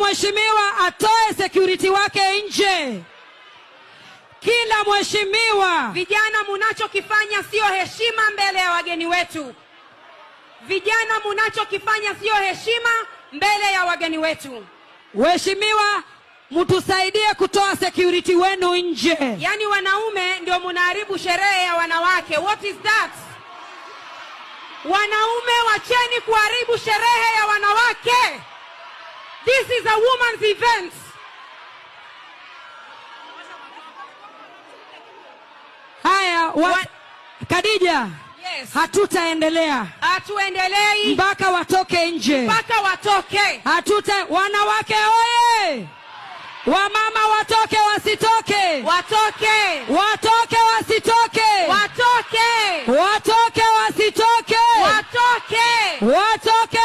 mheshimiwa atoe security wake nje kila mheshimiwa. Vijana, munachokifanya sio heshima mbele ya wageni wetu. Vijana, munachokifanya sio heshima mbele ya wageni wetu. Mheshimiwa, mtusaidie kutoa security wenu nje. Yaani wanaume ndio munaharibu sherehe ya wanawake. What is that? Wanaume, wacheni kuharibu sherehe ya This is a woman's event. Haya, wa... Khadija. Yes. Hatutaendelea, hatuendelei mpaka watoke nje, mpaka watoke. Hatuta wanawake oye! Wamama watoke, wasitoke, watoke, watoke, wasitoke, watoke, watoke, wasitoke, watoke, watoke